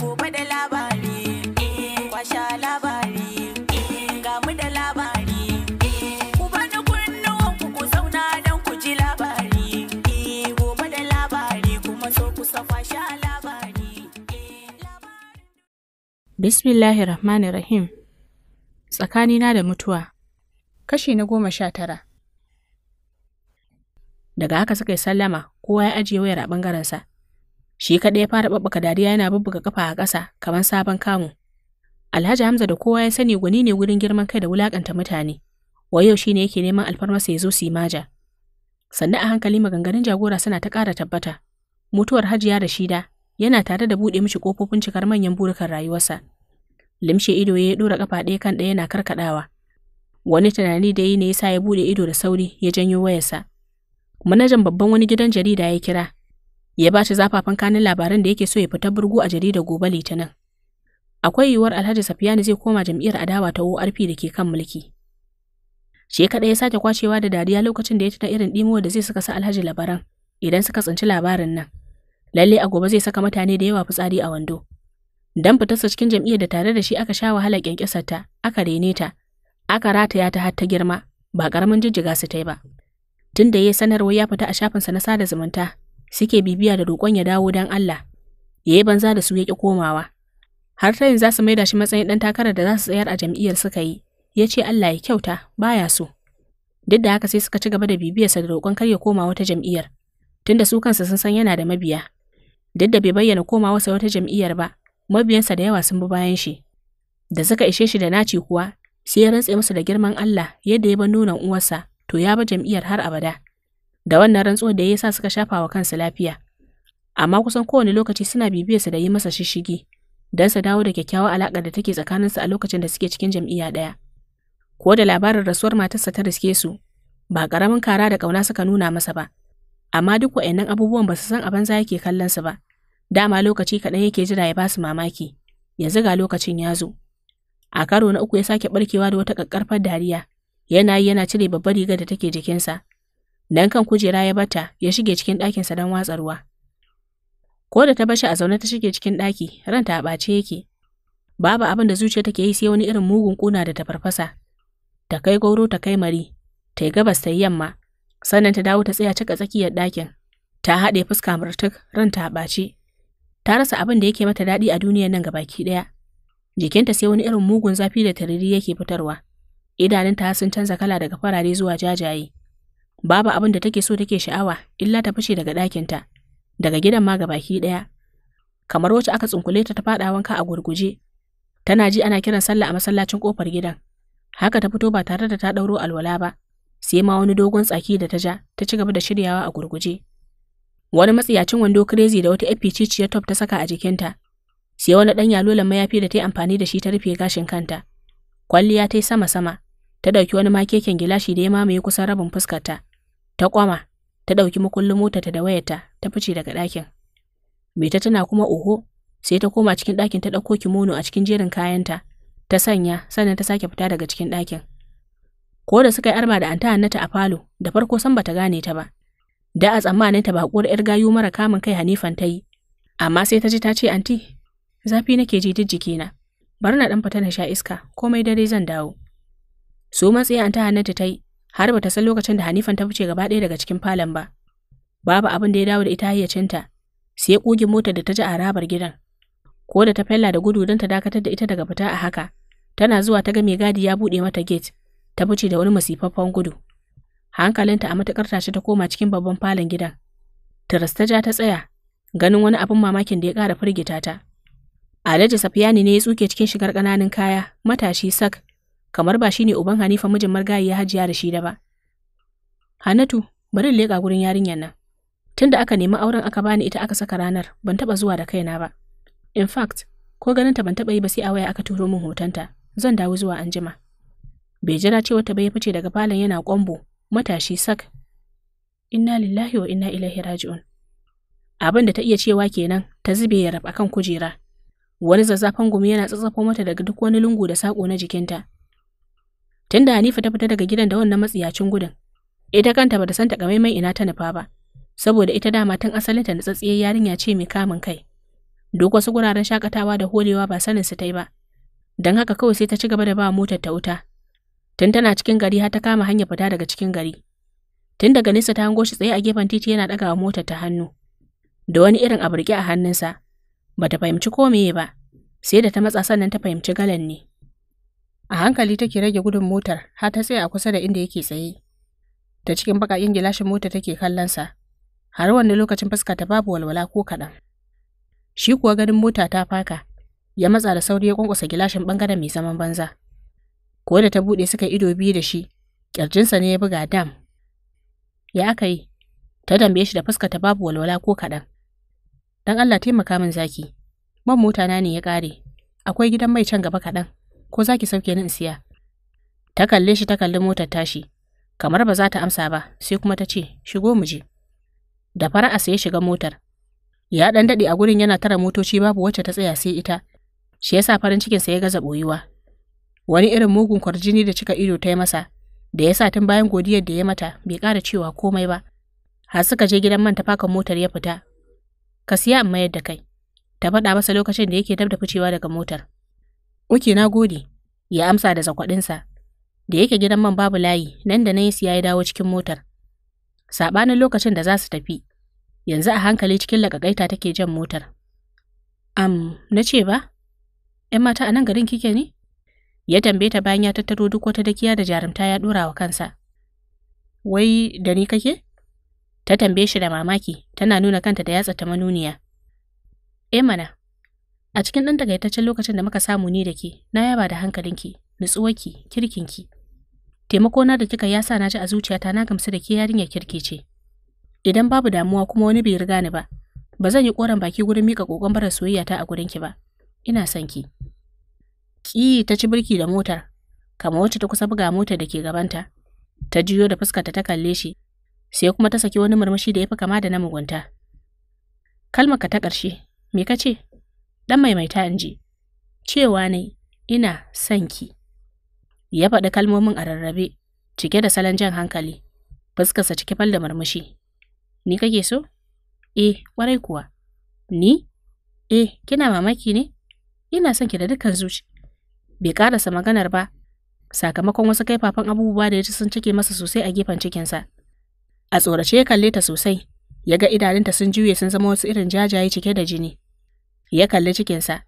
gobe da labari eh, kwasha labari eh, ga mu da labari eh, ku bani kunnuwan ku ku zauna don ku ji labari gobe da labari kuma so ku sa kwasha labari bismillahir rahmanir rahim tsakanina da mutuwa kashi na goma sha tara daga haka suka yi sallama kowa ya ajiye wayar a ɓangarensa Shi kaɗai ya fara babbaka dariya yana bubbuga kafa a ƙasa kamar sabon kamu. Alhaji Hamza da kowa ya sani gwani ne wurin girman kai da wulaƙanta mutane. Wai yau shi ne yake neman alfarmasa ya zo su yi maja. Sannan a hankali maganganun jagora suna ta ƙara tabbata. Mutuwar Hajiya Rashida yana tare da buɗe mishi ƙofofin cikar manyan burukan rayuwarsa. Limshe ido ya ɗora ƙafa ɗaya kan ɗaya yana karkaɗawa. Wani tunani da yi ne ya sa ya buɗe ido da sauri ya janyo wayarsa. Manajan babban wani gidan jarida ya kira ya ba ta zafafan kanin labaran da yake so ya fita burgu a jaridar gobe litinin. Akwai yiwuwar Alhaji Safiyani zai koma jam'iyyar adawa ta ORP da ke kan mulki. Shi kaɗai ya sake kwacewa da dariya lokacin da ya tuna irin ɗimuwa da zai saka sa Alhaji labaran idan suka tsinci labarin nan. Lalle a gobe zai saka mutane da yawa fitsari a wando. Dan fitarsa cikin jam'iyyar da tare da shi aka sha wahala kyankyasar ta aka rene ta, aka rataya ta har ta girma, ba karamin jijjiga su ta yi ba. Tun da ya sanarwa ya fita a shafinsa na sada zumunta, suke bibiya da roƙon ya dawo don Allah, ya yi banza da su ya ƙi komawa. Har ta yin za su maida shi matsayin ɗan takarar da za su tsayar a jam'iyyar suka yi, ya ce Allah ya kyauta baya so. Duk da haka sai suka ci gaba da bibiyarsa da roƙon kar ya koma wata jam'iyyar, tunda su kansa sun san yana da mabiya. Duk da bai bayyana komawarsa wata jam'iyyar ba, mabiyansa da yawa sun bi bayan shi. Da suka ishe shi da naci kuwa, sai ya rantse musu da girman Allah yadda ya ba nunan uwarsa, to ya ba jam'iyyar har abada. da wannan rantsuwar da ya sa suka shafa wa kansu lafiya. Amma kusan kowane lokaci suna su da yi masa shishigi, don sa dawo da kyakkyawar alaƙar da take tsakaninsu a lokacin da suke cikin jam'iyya ɗaya. Ko da labarin rasuwar matarsa ta riske su, ba ƙaramin kara da ƙauna suka nuna masa ba. Amma duk wa'annan abubuwan ba su san abin za yake kallon su ba. Dama lokaci kaɗan yake jira ya ba su mamaki, yanzu ga lokacin ya zo. A karo na uku ya sake barkewa da wata ƙaƙƙarfar dariya, yana yi yana cire babbar rigar da take jikinsa. Dan kan kujera ya bata ya shige cikin ɗakinsa don watsa ruwa. Ko da ta bashi a zaune ta shige cikin ɗaki, ranta a ɓace yake. Babu abin da zuciya take yi sai wani irin mugun ƙuna da ta farfasa. Ta kai goro ta kai mari, ta yi gabas ta yi yamma, sannan ta dawo ta tsaya cika tsakiyar ɗakin. Ta haɗe fuska murtuk, ranta a ɓace. Ta rasa abin da yake mata daɗi a duniyar nan gabaki ɗaya. Jikinta sai wani irin mugun zafi da tariri yake fitarwa. Idanunta sun canza kala daga farare zuwa jajaye. babu abin da take so take sha'awa illa ta fashe daga ɗakinta daga gidan ma baki ɗaya kamar wacce aka tsunkule ta ta faɗa wanka a gurguje tana ji ana kiran sallah a masallacin kofar gidan haka ta fito ba tare da ta ɗauro alwala ba sai ma wani dogon tsaki da ta ja ta ci gaba da shiryawa a gurguje wani matsiyacin wando crazy da wata epichiciyar top ta saka a jikinta sai wani ɗan yalolan mayafi da ta yi amfani da shi ta rufe gashin kanta kwalliya ta yi sama-sama ta ɗauki wani makeken gilashi da ya mamaye kusan rabin fuskarta. Ta kwama, ta ɗauki makullin motarta da wayarta ta fice daga ɗakin. Mita ta tana kuma oho, sai ta koma cikin ɗakin ta ɗauko kimono a cikin jerin kayanta, ta sanya sannan ta sake fita daga cikin ɗakin. Ko da suka yi arba da anta Hannatu a falo, da farko san bata gane ta ba. Da a tsammanin ta bakuwar 'yar gayu mara kamun kai Hanifan ta yi, amma sai ta ji ta ce anti, zafi nake ji duk jikina. Bari na ɗan fita na sha iska, komai dare zan dawo. So matsayi anta Hannatu ta yi, har bata san lokacin da Hanifan ta fice gaba ɗaya daga cikin falon ba. Babu abin da ya dawo da ita hayyacinta, sai ƙugin motar da ta ji a harabar gidan. Ko da ta fella da gudu don ta dakatar da ita daga fita a haka, tana zuwa ta ga mai gadi ya buɗe mata gate, ta fice da wani masifaffen gudu. Hankalinta a matuƙar tashi ta koma cikin babban falon gidan. Taras ta ja ta tsaya, ganin wani abin mamakin da ya ƙara firgita ta. Alhaji Safiyani ne ya tsuke cikin shigar ƙananan kaya, matashi sak, kamar ba shi ne uban Hanifa mijin margayi ya hajiya da shi da ba. Hanatu, bari leƙa gurin yarinyar nan. Tunda aka nemi auren aka bani ita aka saka ranar, ban taɓa zuwa da kaina ba. In fact, ko ganin ta ban taɓa yi ba sai a waya aka turo min hoton ta zan dawo zuwa anjima. Bai jira cewa ta bai fice daga falon yana kwambo matashi sak. Inna lillahi wa inna ilaihi raji'un. Abin da ta iya cewa kenan, ta zube ya rab akan kujera. Wani zazzafan gumi yana tsatsafo mata daga duk wani lungu da saƙo na jikinta, Tun da Hanifa ta fita daga gidan da wannan matsiyacin gudun, ita kanta ta san takamaiman ina ta nufa ba, saboda ita dama tun asalinta natsatsiyar yarinya ce mai kamun kai. Duk wasu guraren shakatawa da holewa ba sanin su ta yi ba, don haka kawai sai ta ci gaba da ba motar ta wuta. Tun tana cikin gari har ta kama hanyar fita daga cikin gari. Tun daga nesa ta hango shi tsaye a gefen titi yana ɗaga motar ta hannu. Da wani irin abirki a hannunsa, bata fahimci ko meye ba, sai da ta matsa sannan ta fahimci galan ne. A hankali take rage gudun motar har ta tsaya a kusa da inda yake tsaye. Ta cikin baƙaƙen gilashin mota take sa. har wanda lokacin fuska ta babu walwala ko kaɗan. Shi kuwa ganin mota ta faka, ya matsa da sauri ya ƙwanƙwasa gilashin ɓangaren mai zaman banza. Ko da ta buɗe suka ido biyu da shi, ƙirjinsa ne ya buga dam. Ya aka yi, ta tambaye shi da fuska ta babu walwala ko kaɗan. Dan Allah taimaka min zaki, man mota na ne ya ƙare, akwai gidan mai can gaba kaɗan. ko za ki sauke ni in siya. Ta kalle shi ta kalli motar tashi, kamar ba za ta amsa ba, sai kuma ta ce, shigo mu je. Da fara'a sai ya shiga motar. Ya ɗan daɗe a gurin yana tara motoci babu wacce ta tsaya sai ita, shi yasa farin cikinsa ya gaza ɓoyuwa. Wani irin mugun kwarjini da cika ido ta yi masa, da ya sa tun bayan godiyar da ya mata bai kara cewa komai ba. Har suka je gidan man tafakan motar ya fita. Ka siya in mayar da kai. Ta faɗa masa lokacin da yake dab da ficewa daga motar. Oke na gode, ya amsa da zakwaɗinsa. Da yake gidan man babu layi, nan da nan ya dawo cikin motar. Saɓanin lokacin da za su tafi, yanzu a hankali cikin lakakaita take jan motar. Am, na ce ba? ‘Yan mata a nan garin kike ne? Ya tambaye ta bayan ya tattaro duk wata dakiya da jarumta ya ɗora wa kansa. Wai da ni kake? Ta tambaye shi da mamaki, tana nuna kanta da yatsa ta manuniya. E mana, A cikin ɗan takaitaccen lokacin da muka samu ni da ke, na yaba da hankalinki, nutsuwarki, kirkinki. na da kika ya sa na ji a zuciyata na gamsu da ke yarinyar kirki ce. Idan babu damuwa kuma wani bai riga ni ba, ba zan yi koren baki gurin mika kokon bara soyayyata a ki ba. Ina son ki. Ki ta ci birki da motar, kama wacce ta kusa buga motar da ke gabanta. Ta jiyo da fuskarta ta kalle shi, sai kuma ta saki wani murmushi da ya fi kama da na mugunta. Kalmar ka ta ƙarshe, me ka ce? ɗan maimaita in ji, cewa ne ina son ki. Ya faɗi kalmomin a rarrabe, cike da salon jan hankali, fuskarsa cike fal da murmushi. Ni kake so? Eh, kwarai kuwa. Ni? e kina mamaki ne? Ina son ki da dukkan zuci. Bai karasa maganar ba, sakamakon wasu kaifafan abubuwa da ya ci sun cike masa sosai a gefen cikinsa. A tsorace ya kalle ta sosai, ya ga idanunta sun juye sun zama wasu irin jajaye cike da jini. ya kalli cikinsa,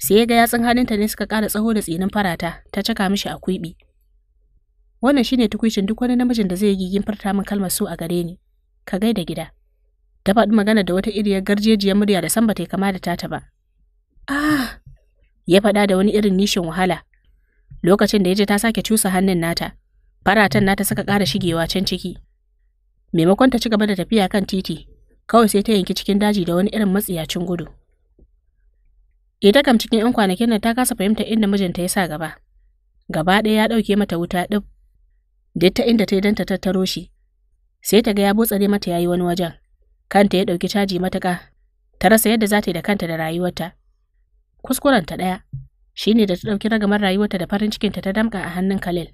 sai ya ga yatsun hannunta ne suka ƙara tsaho da tsinin farata ta caka mishi a kwiɓi. Wannan shine Tukwicin duk wani namijin da zai yi gigin farta min kalmar su a gare ni, ka gaida gida. Ta faɗi magana da wata iriyar garjejiyar murya da san ba ta kama da tata ba. Ah! Ya faɗa da wani irin nishin wahala. Lokacin da ya je ta sake cusa hannun nata, faratan nata suka ƙara shigewa can ciki. Maimakon ta ci gaba da tafiya kan titi, kawai sai ta yanki cikin daji da wani irin matsiyacin gudu. Ita kam cikin 'yan kwanakin nan ta kasa fahimta inda mijinta ya sa gaba. Gaba ɗaya ya ɗauke mata wuta ɗin. Duk ta inda ta yi don ta tattaro shi. Sai ta ga ya dai mata ya yi wani wajen. Kanta ya ɗauki caji matuƙa. Ta rasa yadda za ta yi da kanta da rayuwarta. Kuskurenta ɗaya. Shi ne da ta ɗauki ragamar rayuwarta da farin cikinta ta damƙa a hannun Khalil.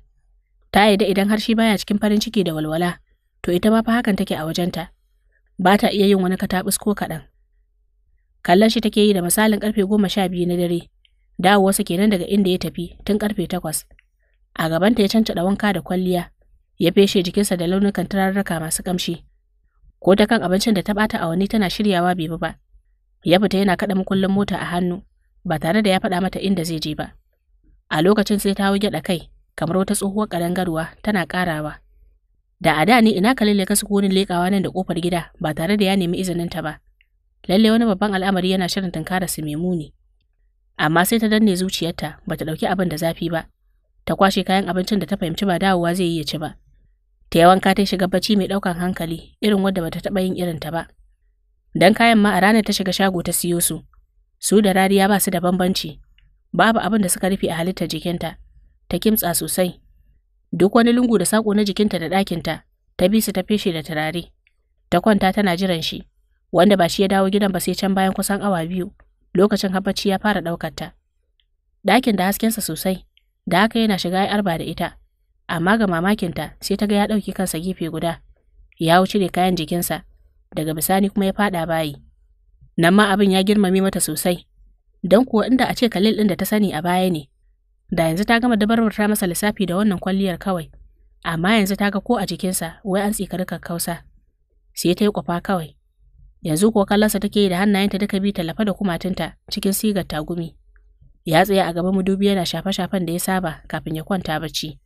Ta yi yarda idan har shi baya cikin farin ciki da walwala, to ita ma fa hakan take a wajenta. Ba ta iya yin wani kataɓus ko kaɗan. Kallon shi take yi da misalin karfe goma sha biyu na dare. Dawowarsa kenan daga inda ya tafi tun karfe takwas. A gabanta ya da wanka da kwalliya, ya feshe jikinsa da launukan turarraka masu kamshi. Ko ta kan abincin da ta bata a wani tana shiryawa bai bi ba. Ya fita yana kaɗa makullin mota a hannu, ba tare da ya faɗa mata inda zai je ba. A lokacin sai ta gyaɗa kai, kamar wata tsohuwar ƙadangarwa tana karawa Da a da ne ina kalin ya kasu konin lekawa nan da kofar gida ba tare da ya nemi izinin ta ba. Lalle wani babban al'amari yana shirin tunkara su muni. Amma sai ta danne zuciyarta ba ta ɗauki abin da zafi ba. Ta kwashe kayan abincin da ta fahimci ba dawowa zai yi ya ci ba. Ta yi wanka ta shiga bacci mai ɗaukan hankali irin wadda ta taɓa yin irin ta ba. Dan kayan ma a ranar ta shiga shago ta siyo su. Su da rariya ba su da bambanci. Babu abin da suka rufe a halittar jikinta. Ta kimtsa sosai. Duk wani lungu da saƙo na jikinta da ɗakinta, ta bi su ta feshe da turare. Ta kwanta tana jiran shi. wanda ba shi ya dawo gidan ba sai can bayan kusan awa biyu lokacin habbaci ya fara ɗaukar ta. Ɗakin da haskensa sosai, da haka yana shiga ya arba da ita, amma ga mamakinta sai ta ga ya ɗauki kansa gefe guda, ya wuce da kayan jikinsa, daga bisani kuma ya faɗa bayi. Nan ma abin ya girmame mata sosai, don kuwa inda a ce kalil ɗin da ta sani a baya ne, da yanzu ta gama ta masa lissafi da wannan kwalliyar kawai, amma yanzu ta ga ko a jikinsa wai an tsikari kakkausa, sai ta yi kwafa kawai. Yanzu ko kallonsa take yi da hannayenta duka bi talafa da kumatunta cikin sigar tagumi. Ya tsaya a gaban mudubi yana shafe-shafen da ya saba kafin ya kwanta bacci.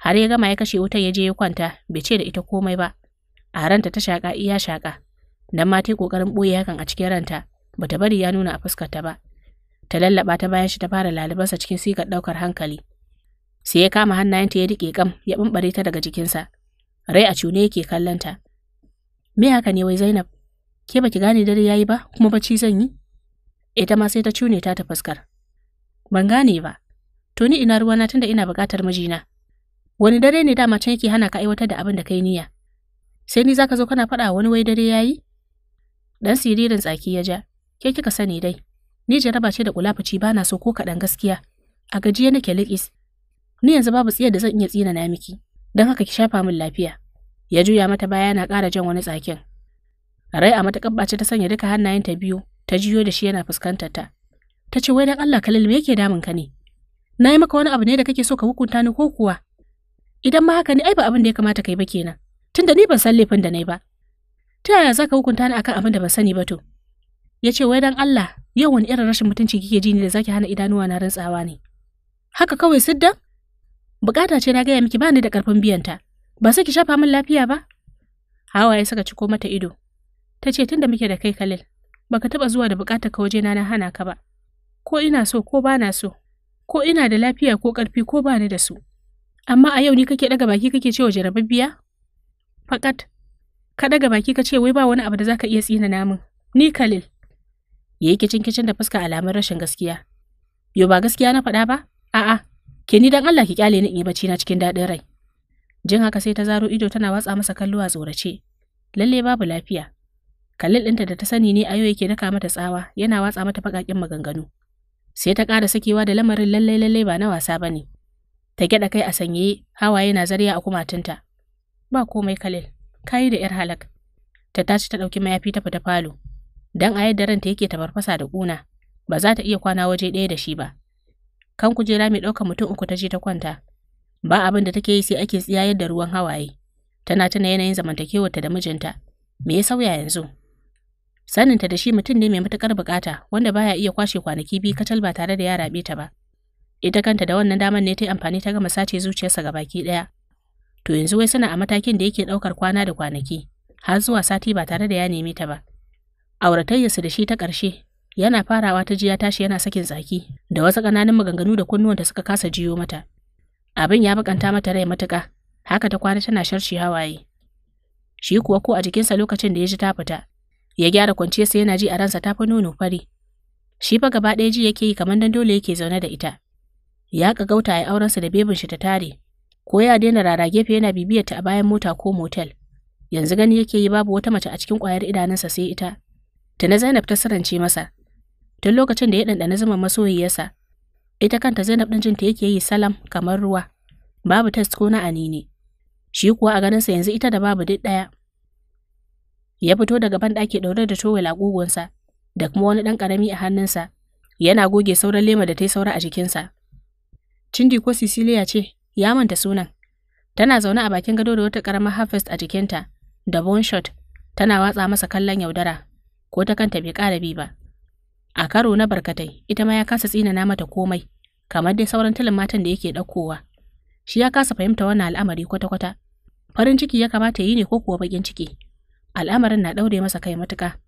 Har ya gama ya kashe wutar ya je ya kwanta bai ce da ita komai ba. A ranta ta shaƙa iya shaƙa. Dan ma ta ƙoƙarin ɓoye hakan a cikin ranta bata bari ya nuna a fuskarta ba. Ta lallaɓa ta bayan shi ta fara lalubarsa cikin sigar ɗaukar hankali. sai ya kama hannayenta ya riƙe kam ya ɓamɓare ta daga jikinsa. Rai a cune yake kallonta. Me haka ne wai Zainab? ke baki gane dare yayi ba kuma bacci zan yi ita eh, ma sai ta cune ta ta fuskar ban gane ba to ni ina ruwana tunda ina buƙatar mijina wani dare ne dama can yake hana ka aiwatar da abin da kai niyya sai ni zaka zo kana faɗa wani wai dare yayi dan siririn tsaki ya ja ke kika sani dai ni jaraba ce da kulafaci bana so ko kaɗan gaskiya a gajiya nake liƙis ni yanzu babu tsiyar da zan iya tsina na miki don haka ki shafa min lafiya ya juya mata baya yana kara jan wani tsakin Rai a matakan ɓace ta sanya duka hannayenta biyu, ta jiyo da shi yana fuskantar ta. Ta ce wai dan Allah Khalil me yake damun ka ne? Na yi maka wani abu ne da kake so ka hukunta ni ko kuwa? Idan ma haka ne ai ba abin da ya kamata kai ba kenan. Tunda ni ban san laifin da na yi ba. Ta yaya za ka hukunta ni akan abin da ban sani ba to? Ya ce wai dan Allah yau wani irin rashin mutunci kike ji ne da zaki hana idanuwa na rantsawa ne. Haka kawai siddan? Bukata ce na gaya miki bani da karfin ta. Ba sai ki shafa min lafiya ba? hawa ya saka ciko mata ido. Ta ce tun da muke da kai Khalil, baka taba zuwa da bukata ka waje na na hana ka ba. Ko ina so ko ba na so, ko ina da lafiya ko karfi ko ba ni da su. Amma a yau ni kake daga baki kake cewa jarababbiya? Fakat, ka daga baki ka ce wai ba wani abu da za ka iya tsina namun. Ni Khalil. Yayi kicin kicin da fuska alamun rashin gaskiya. Yo ba gaskiya na faɗa ba? A'a, ke ni dan Allah ki kyale ni in yi bacci na cikin daɗin rai. Jin haka sai ta zaro ido tana watsa masa kallo a tsorace. Lalle babu lafiya. Khalil ɗinta da ta sani ne ayo yake daka mata tsawa yana watsa mata baƙaƙen maganganu. Sai ta ƙara sakewa da lamarin lallai lallai ba na wasa ba ne. Ta gyaɗa kai a sanye hawaye na zariya a kumatunta. Ba komai Khalil, kayi da 'yar halak. Ta tashi ta ɗauki mayafi ta fita falo. Dan a yadda ranta yake tabarfasa da kuna ba za ta iya kwana waje ɗaya da shi ba. Kan kujera mai ɗaukar mutum uku ta je ta kwanta. Ba abin da take yi sai ake tsiyayar da ruwan hawaye. Tana tuna yanayin zamantakewarta da mijinta. Me ya sauya yanzu? Saninta da shi mutum ne mai matuƙar buƙata wanda baya iya kwashe kwanaki biyu kacal ba tare da ya rabe ba. Ita kanta da wannan daman ne ta yi amfani ta gama sace zuciyarsa ga baki ɗaya. To yanzu wai suna a matakin da yake ɗaukar kwana da kwanaki har zuwa sati ba tare da ya neme ta ba. Auratayyarsa da shi ta ƙarshe yana farawa ta ji ya tashi yana sakin tsaki da wasu ƙananan maganganu da kunnuwanta suka kasa jiyo mata. Abin ya bakanta mata rai matuƙa, haka ta kwana tana sharci hawaye. Shi kuwa ko a jikinsa lokacin da ya ji ta fita, Ya gyara kwanciyarsa yana ji a ransa ta fa nono fari. Shi fa gaba ɗaya ji yake yi kamar dan dole yake zaune da ita. Ya kagauta auren aurensa da bebin shi ta tare. Ko ya daina rara gefe yana bibiyar ta a bayan mota ko motel. Yanzu gani yake yi babu wata mace a cikin ƙwayar idanunsa sai ita. Tana Zainab ta sarance masa. Tun lokacin da ya ɗanɗana zama masoyiyarsa. Ita kanta Zainab ɗin jinta yake yi salam kamar ruwa. Babu test ko na anini. Shi kuwa a ganinsa yanzu ita da babu duk ɗaya. Ya fito daga banɗaki ɗaure da towel a ƙugunsa da kuma wani ɗan ƙarami a hannunsa, yana goge sauran lema da ta yi saura a jikinsa. Cindi ko Cecilia ce, ya manta sunan. Tana zaune a bakin gado da wata ƙaramar harvest a jikinta, da shot tana watsa masa kallon yaudara, ko ta kanta bai ƙara bi ba. A karo na barkatai, ita ma ya kasa tsina tsinana mata komai, kamar dai sauran tilin matan da yake ɗaukowa. Shi ya kasa fahimta wannan al'amari kwata-kwata. Farin ciki ya kamata yi ne ko kuwa baƙin ciki. Al'amarin na ɗaure masa kai matuƙa.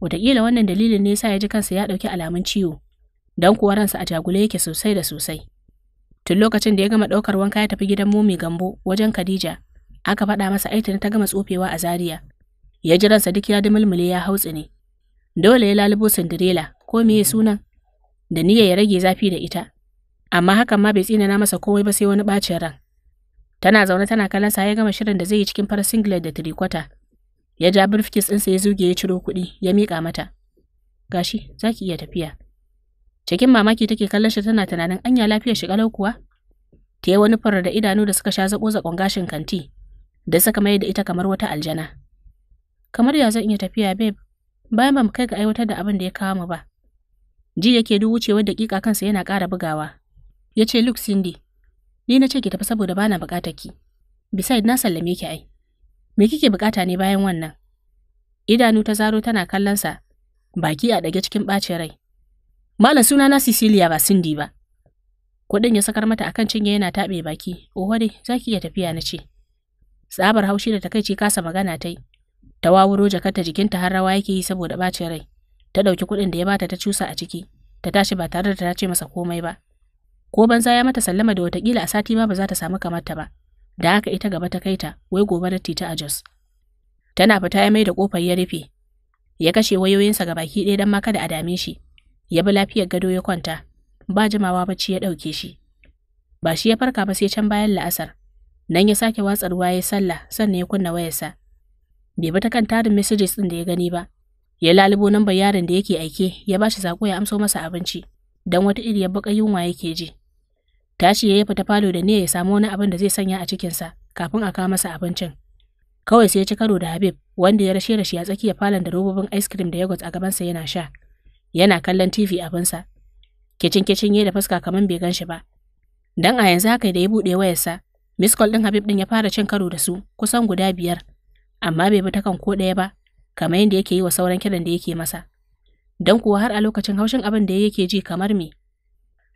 Wataƙila wannan dalilin ne sa ya ji kansa ya ɗauki alamun ciwo, don kuwa ransa a jagule yake sosai da sosai. Tun lokacin da ya gama ɗaukar wanka ya tafi gidan Mumi Gambo wajen Khadija, aka faɗa masa aitin ta gama tsofewa a Zaria. Ya ji ransa duk ya dumulmule ya hau ne. Dole ya lalubo Cinderella, ko me ya sunan? Da niyya ya rage zafi da ita. Amma hakan ma bai tsinana masa komai ba sai wani bacin ran. Tana zaune tana kallon sa ya gama shirin da zai yi cikin farar singlet da tirikwata. ya ja briefcase ɗinsa ya zuge ya ciro kuɗi ya miƙa mata gashi za ki iya tafiya cikin mamaki take kallon shi tana tunanin anya lafiyar shi ƙalau kuwa ta yi wani farar da idanu da suka sha zaɓo zaƙon gashin kanti da suka mai da ita kamar wata aljana kamar ya zan iya tafiya babe bayan ba mu kai ga aiwatar da abin da ya kawo mu ba ji yake duk wucewa daƙiƙa kansa yana ƙara bugawa ya ce luke cindy ni na ce ki tafi saboda bana buƙatar ki beside na sallame ki ai Me kike bukata ne bayan wannan? Idanu ta zaro tana kallonsa, baki a ɗage cikin ɓacin rai. Malam suna na Cecilia ba Cindy ba. Kuɗin ya sakar mata akan cinye yana taɓe baki, oho dai za ki iya tafiya na ce. Tsabar haushi da takaici kasa magana ta yi. Ta wawuro jakarta jikinta har rawa yake yi saboda ɓacin rai. Ta ɗauki kuɗin da ya bata ta cusa a ciki, ta tashi ba tare da ta ce masa komai ba. Ko banza ya mata sallama da watakila a sati ma ba za ta samu kamar ta ba. da aka ita gaba ta kaita wai gobarar tita a Jos. Tana fita ya mai da kofar ya rufe, ya kashe wayoyinsa ga baki ɗaya don ma kada a dame shi, ya bi lafiyar gado ya kwanta, ba jimawa bacci ya ɗauke shi. Ba shi ya farka ba sai can bayan la'asar, nan ya sake watsa ruwa ya sallah sannan ya kunna wayarsa. Bai bi ta kan tarin messages ɗin da ya gani ba, ya lalubo nambar yaron da yake aike ya bashi saƙo ya amso masa abinci, don wata iriyar baka yunwa yake ji. Tashi ya yi fita falo da ne ya samu wani abin da zai sanya a cikinsa kafin a kawo masa abincin. Kawai sai ya ci karo da Habib wanda ya rashe rashe a ya falon da robobin ice cream da yogurt a gabansa yana sha. Yana kallon TV abinsa. Kicin kicin ya da fuska kamar bai gan shi ba. Dan a yanzu haka da ya buɗe wayarsa, miss call ɗin Habib ɗin ya fara cin karo da su kusan guda biyar, amma bai bi ta kan ko ɗaya ba, kamar yadda yake yi wa sauran kiran da yake masa. Don kuwa har a lokacin haushin abin da yake ji kamar me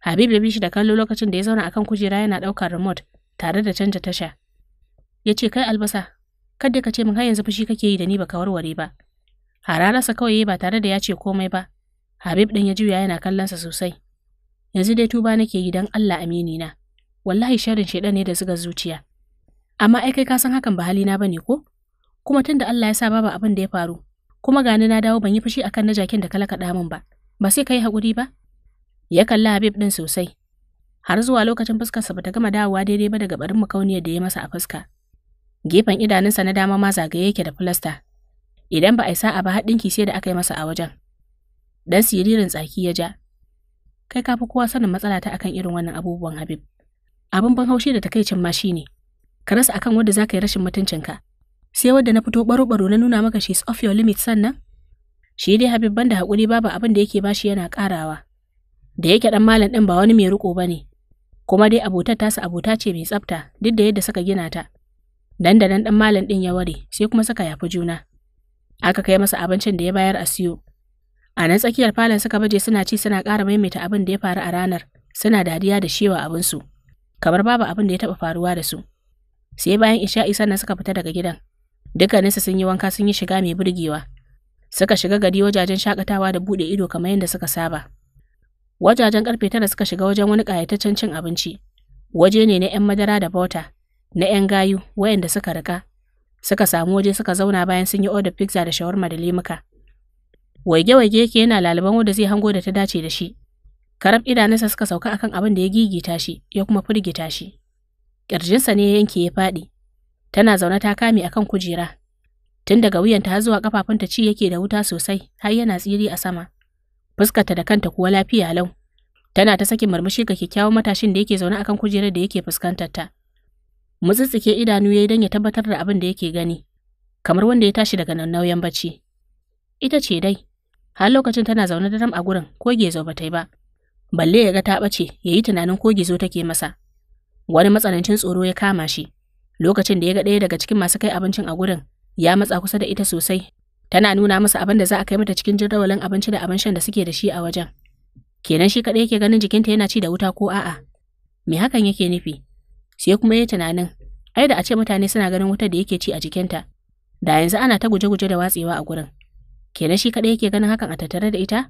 Habib ya bi shi da kallo lokacin da ya zauna akan kujera yana ɗaukar remote tare da canja tasha. Ya ce kai albasa, kada ka ce min har yanzu fushi kake yi da ni baka warware ba. Hararsa kawai ya ba tare da ya ce komai ba. Habib ɗin ya juya yana kallonsa sosai. Yanzu dai tuba nake yi don Allah amini na. Wallahi sharin shaɗan ne da zuga zuciya. Amma ai kai ka san hakan ba halina bane ko? Kuma tunda Allah ya sa babu abin da ya faru, kuma gani na dawo ban yi fushi akan na jakin da ka lakaɗa min ba. Ba sai ka yi haƙuri ba? Ya kalli Habib ɗin sosai. Har zuwa lokacin fuskarsa bata gama dawowa daidai ba daga barin makauniyar da ya masa a fuska. Gefen idanunsa na dama ma zagaye yake da filasta. Idan ba a yi sa'a ba ki sai da aka yi masa a wajen. Dan siririn tsaki ya ja. Kai kafi kowa sanin matsala ta akan irin wannan abubuwan Habib. Abin ban haushi da takaicin ma shine. Ka rasa akan wanda za ka yi rashin mutuncinka. Sai wanda na fito baro-baro na nuna maka she's off your limit sannan? Shi dai Habib banda hakuri babu abin da yake bashi yana karawa. da yake dan malam din ba wani mai riko bane kuma dai abotar sa abota ce mai tsafta duk da yadda suka gina ta dan da nan dan malam din ya ware sai kuma suka yafi juna aka kai masa abincin da ya bayar a siyo a nan tsakiyar falon suka baje suna ci suna ƙara maimaita abin da ya faru a ranar suna dariya da shewa abinsu kamar babu abin da ya taɓa faruwa da su sai bayan isha'i na suka fita daga gidan dukkaninsu sun yi wanka sun yi shiga mai burgewa suka shiga gari wajajen shakatawa da buɗe ido kamar yadda suka saba Wajajen karfe tara suka shiga wajen wani ƙayataccen cin abinci. Waje ne na 'yan madara da bota, na 'yan gayu wayanda suka rika. Suka samu waje suka zauna bayan sun yi order pizza da shawarma da limuka. Waige-waige yake yana laliban wanda zai hango da ta dace da shi. Karab idanunsa suka sauka akan abin da ya gigita shi, ya kuma firgita shi. Ƙirjinsa ne ya yanke ya faɗi. Tana zaune ta kame akan kujera. Tun daga wuyanta har zuwa kafafunta ci yake da wuta sosai, har yana tsiri a sama. fuskarta da kanta kuwa lafiya lau. Tana ta sakin murmushi ga kyakkyawan matashin da yake zaune akan kujerar da yake fuskantar ta. Mutsitsike idanu yayi dan ya tabbatar da abin da yake gani, kamar wanda ya tashi daga nan nauyin bacci. Ita ce dai, har lokacin tana zaune da daram a gurin ko gezo ba yi ba. Balle ya ga ta bace ya yi tunanin ko gezo take masa. Wani matsanancin tsoro ya kama shi, lokacin da ya ga ɗaya daga cikin masu kai abincin a gurin ya matsa kusa da ita sosai Tana nuna masa abin da za a kai mata cikin jadawalin abinci da abin shan da suke da shi a wajen. Kenan shi kaɗai yake ganin jikinta yana ci da wuta ko a'a. Me hakan yake nufi? Sai kuma ya tunanin, ai da a ce mutane suna ganin wutar da yake ci a jikinta. Da yanzu ana ta guje-guje da watsewa a gurin. Kenan shi kaɗai yake ganin hakan a tattare da ita?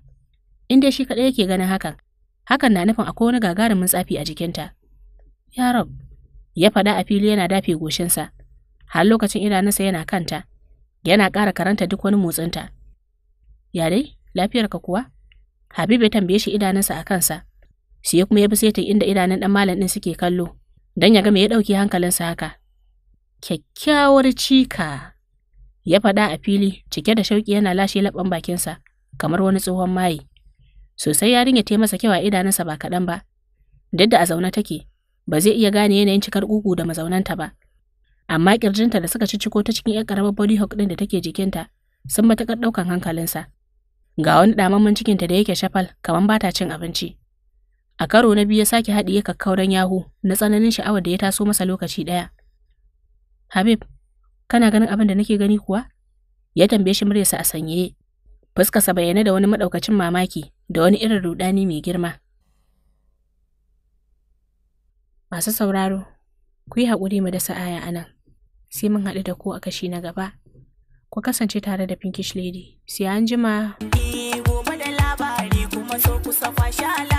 In dai shi kaɗai yake ganin hakan, hakan na nufin akwai wani gagarumin tsafi a jikinta. Ya rab, ya faɗa a fili yana dafe goshinsa, har lokacin idanunsa yana kanta. yana ƙara karanta duk wani motsinta. Ya dai, lafiyarka kuwa? Habibu ya tambaye shi idanunsa a kansa, ya kuma ya bi setin inda idanun ɗan malam ɗin suke kallo, don ya gama ya ɗauki hankalinsa haka. Kyakkyawar cika, ya faɗa a fili cike da shauƙi yana lashe laɓan bakinsa kamar wani tsohon mayi. Sosai yarin ya masa kyau a idanunsa ba kaɗan ba, duk da a zaune take, ba zai iya gane yanayin cikar ƙugu da mazaunanta ba. amma kirjinta da suka cicciko ta cikin 'yar karamar body hawk ɗin da take jikinta sun matakar ɗaukan hankalinsa. Ga wani ɗamamman cikinta da yake shafal kamar ba ta cin abinci. A karo na biyu ya sake haɗiye kakkauran yahu na tsananin sha'awar da ya taso masa lokaci ɗaya. Habib, kana ganin abin da nake gani kuwa? Ya tambaye shi muryarsa a sanyaye. Fuskarsa bayyane da wani maɗaukacin mamaki da wani irin rudani mai girma. Masu sauraro, ku yi haƙuri mu da sa'aya anan. sai mun haɗu da ku a kashi na gaba. Ku kasance tare da Pinkish Lady, sai an jima. Eh, gobe da labari kuma so kusa kwashe